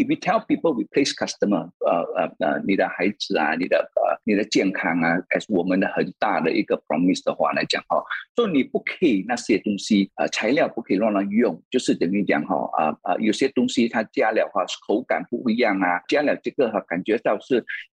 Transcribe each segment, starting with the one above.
如果 tell people replace customer，啊啊啊，你的孩子啊，你的、uh, 你的健康啊，as 我們的很大的一個 promise 的話來講哈，說、so、你不可以那些東西，啊、uh, 材料不可以亂亂用，就是等於講哈，啊啊，有些東西它加了哈，口感不一樣啊，加了這個哈，感覺到是。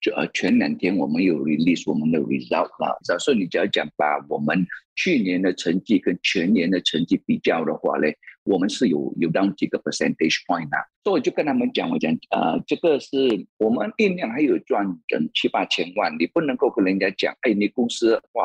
就啊，前兩天我們有 release 我們的 result 了。假設、啊、你只要講把我們去年的成績跟全年的成績比較的話呢，我們是有有 down 幾個 percentage point 啦。所以我就跟他們講，我講，啊、呃，這個是我們今年，還有賺整七八千萬，你不能夠跟人家講，哎，你公司哇。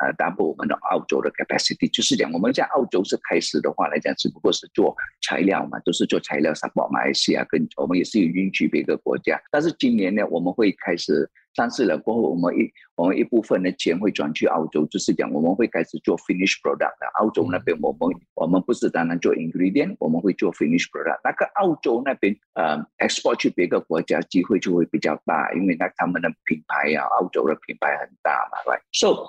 呃、uh, double 我們的澳洲的 capacity，就是講我們在澳洲是開始的話來講，只不過是做材料嘛，都、就是做材料 support 馬來西亞啊，跟我們也是有允許別個國家。但是今年呢，我們會開始上市了，過後我們一，我們一部分的錢會轉去澳洲，就是講我們會開始做 finish product 啦。澳洲那邊，我們、嗯、我們不是單單做 ingredient，我們會做 finish product。那個澳洲那邊，呃 export 去別的國家機會就會比較大，因為那他們的品牌啊，澳洲的品牌很大嘛，right? So。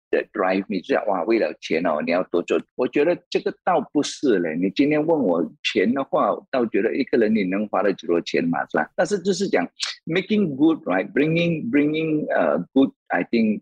drive 你知啊，哇，為了錢哦，你要多做。我覺得這個倒不是咧，你今天問我錢的話，倒覺得一個人你能花得幾多錢嘛啦。但是就是講 making good，right，bringing bringing，呃，good，I think。